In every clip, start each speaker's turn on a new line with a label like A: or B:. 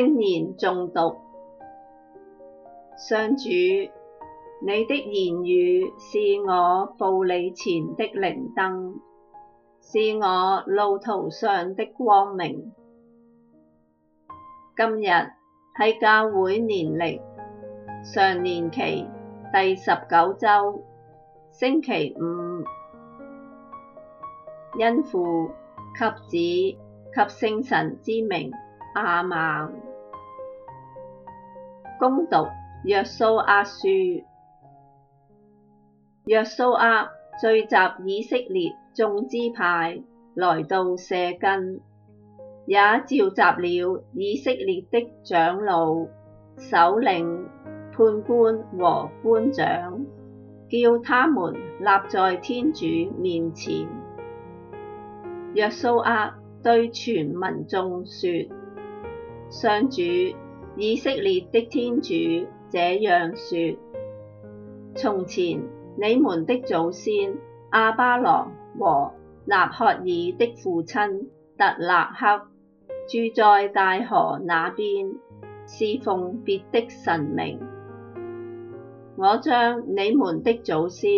A: 經言誦讀。上主，你的言語是我步履前的靈燈，是我路途上的光明。今日係教會年曆常年期第十九周星期五，因父及子及聖神之名阿們。恭讀若蘇厄書，若蘇厄聚集以色列眾支派，來到舍根，也召集了以色列的長老、首領、判官和官長，叫他們立在天主面前。若蘇厄對全民眾說：上主。以色列的天主這樣說：從前你們的祖先亞巴郎和納曷爾的父親特辣黑住在大河那邊，事奉別的神明。我將你們的祖先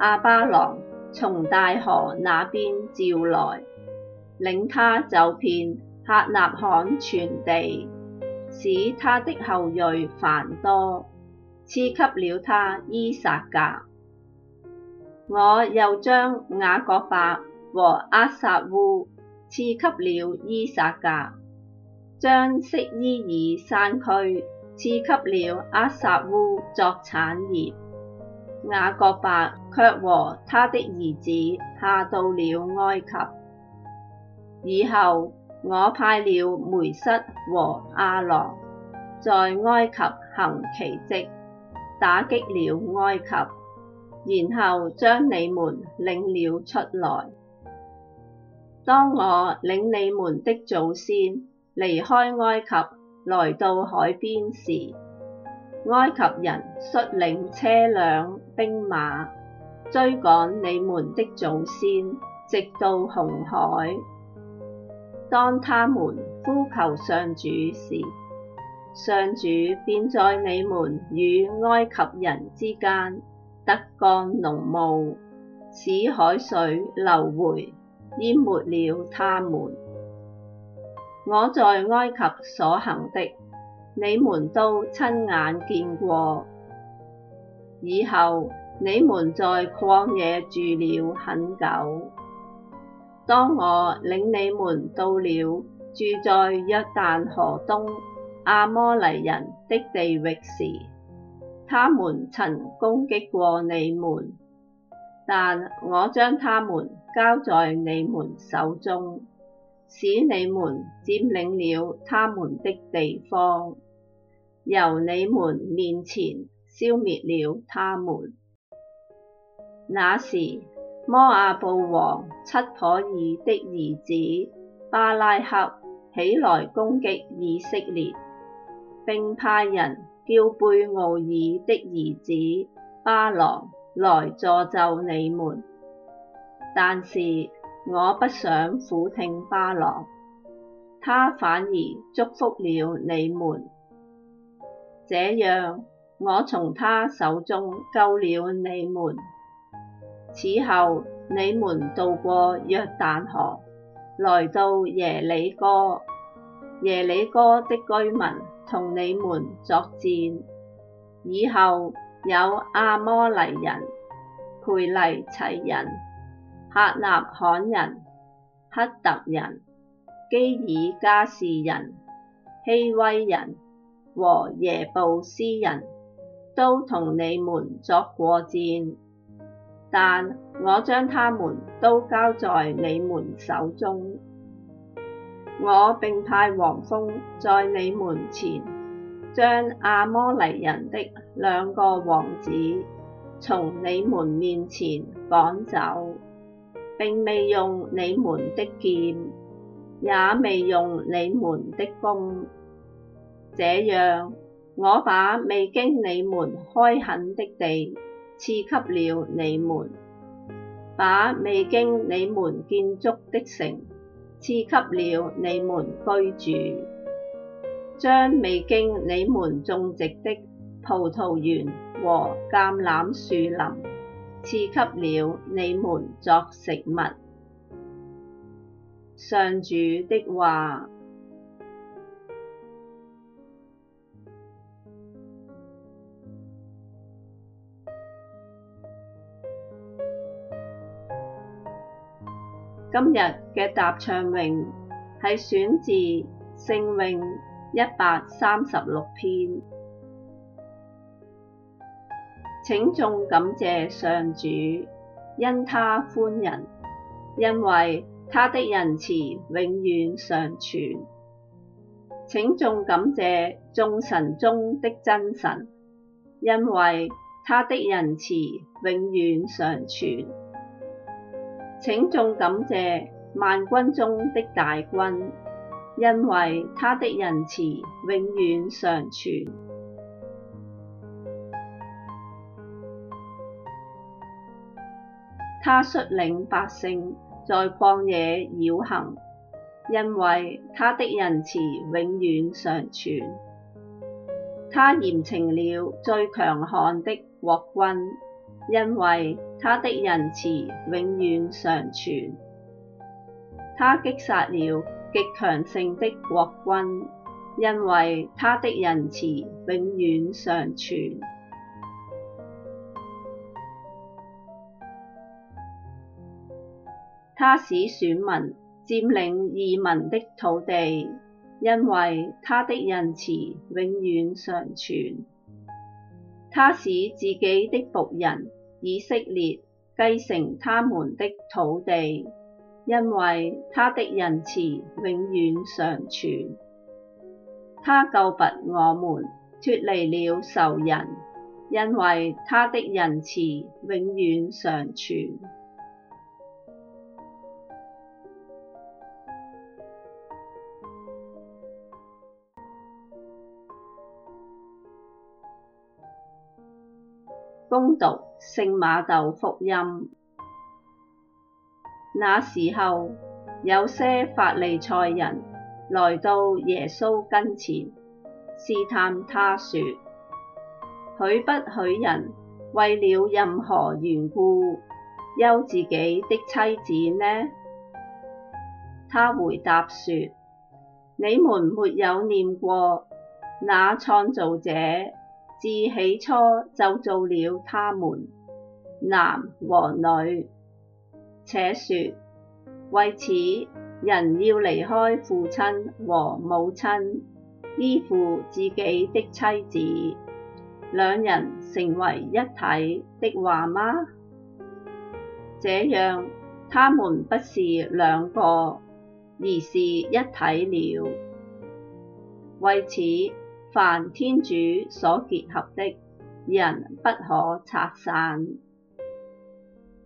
A: 亞巴郎從大河那邊召來，領他走遍客納罕全地。使他的後裔繁多，賜給了他依撒格。我又將雅各伯和厄撒烏賜給了依撒格，將色依爾山區賜給了厄撒烏作產業。雅各伯卻和他的兒子下到了埃及，以後。我派了梅瑟和亞郎在埃及行奇蹟，打擊了埃及，然後將你們領了出來。當我領你們的祖先離開埃及來到海邊時，埃及人率領車輛、兵馬追趕你們的祖先，直到紅海。當他們呼求上主時，上主便在你們與埃及人之間，突降濃霧，使海水流回，淹沒了他們。我在埃及所行的，你們都親眼見過。以後你們在曠野住了很久。當我領你們到了住在約但河東阿摩黎人的地域時，他們曾攻擊過你們，但我將他們交在你們手中，使你們佔領了他們的地方，由你們面前消滅了他們。那時，摩阿布王漆頗爾的兒子巴拉克起來攻擊以色列，並派人叫貝敖爾的兒子巴郎來詛咒你們。但是我不想俯聽巴郎，他反而祝福了你們。這樣，我從他手中救了你們。此後，你們渡過約但河，來到耶里哥。耶里哥的居民同你們作戰。以後有阿摩黎人、培黎齊人、客納罕人、赫特人、基爾加士人、希威人和耶步斯人都同你們作過戰。但我將他們都交在你們手中，我並派黃蜂在你們前，將阿摩黎人的兩個王子從你們面前趕走，並未用你們的劍，也未用你們的弓，這樣我把未經你們開墾的地，賜給了你們，把未經你們建築的城賜給了你們居住，將未經你們種植的葡萄園和橄欖樹林賜給了你們作食物。上主的話。今日嘅答唱詠係選自聖詠一百三十六篇。請眾感謝上主，因他寬仁，因為他的仁慈永遠常存。請眾感謝眾神中的真神，因為他的仁慈永遠常存。請眾感謝萬君中的大君，因為他的仁慈永遠常存。他率領百姓在曠野繞行，因為他的仁慈永遠常存。他嚴懲了最強悍的國君，因為，他的仁慈永遠常存。他擊殺了極強盛的國君，因為他的仁慈永遠常存。他使選民佔領異民的土地，因為他的仁慈永遠常存。他使自己的僕人。以色列繼承他們的土地，因為他的仁慈永遠常存。他救拔我們脫離了仇人，因為他的仁慈永遠常存。恭讀《聖瑪竇福音》。那時候，有些法利賽人來到耶穌跟前，試探他說：許不許人為了任何緣故休自己的妻子呢？他回答說：你們沒有念過那創造者？自起初就造了他們，男和女。且說，為此人要離開父親和母親，依附自己的妻子，兩人成為一體的話嗎？這樣他們不是兩個，而是一體了。為此，凡天主所結合的，人不可拆散。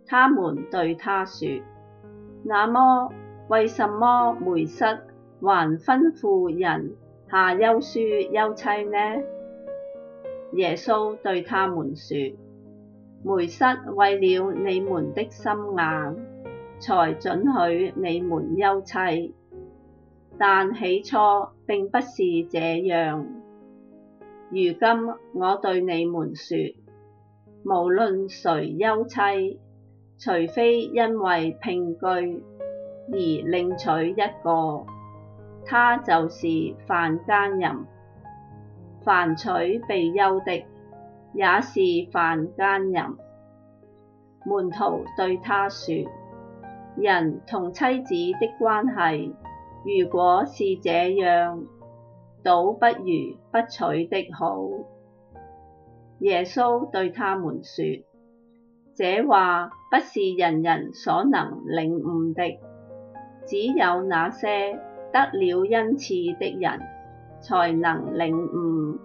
A: 他們對他說：那麼，為什麼梅瑟還吩咐人下休書休妻呢？耶穌對他們説：梅瑟為了你們的心硬，才准許你們休妻，但起初並不是這樣。如今我對你們說，無論誰休妻，除非因為姘居而另娶一個，他就是犯奸淫。凡娶被休的，也是犯奸淫。門徒對他說，人同妻子的關係，如果是這樣。倒不如不娶的好。耶穌對他們說：這話不是人人所能領悟的，只有那些得了恩賜的人才能領悟。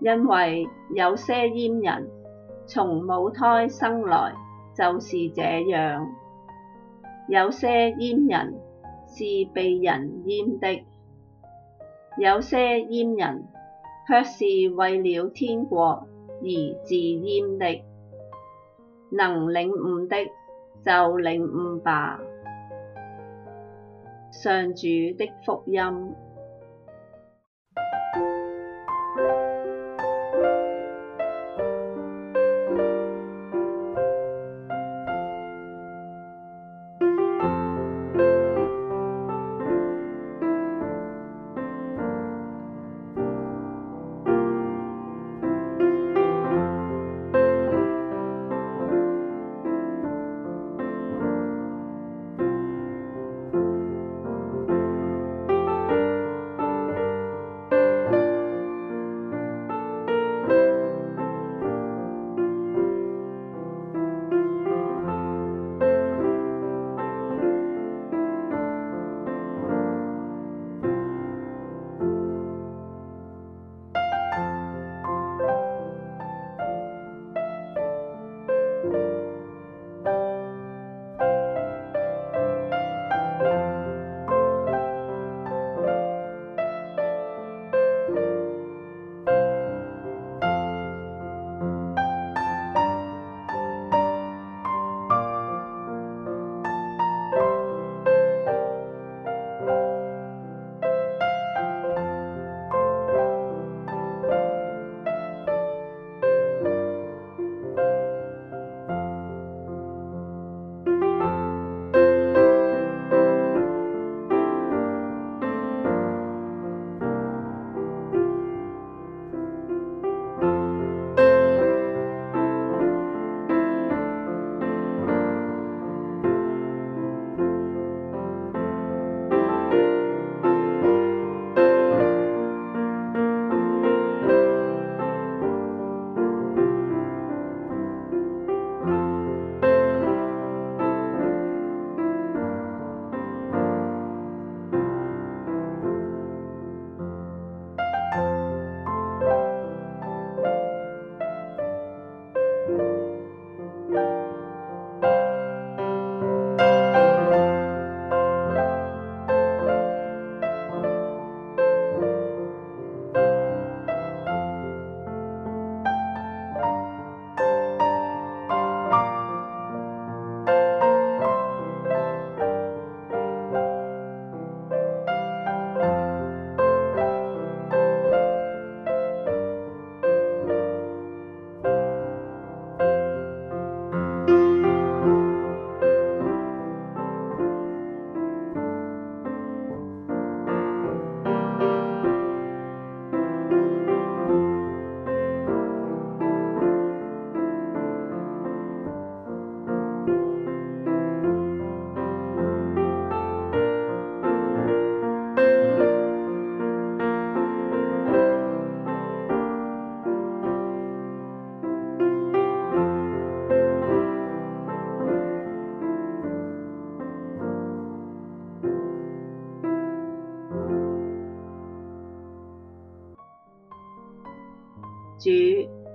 A: 因為有些閹人，從母胎生來就是這樣，有些閹人是被人閹的。有些閹人，卻是為了天國而自閹的，能領悟的就領悟吧。上主的福音。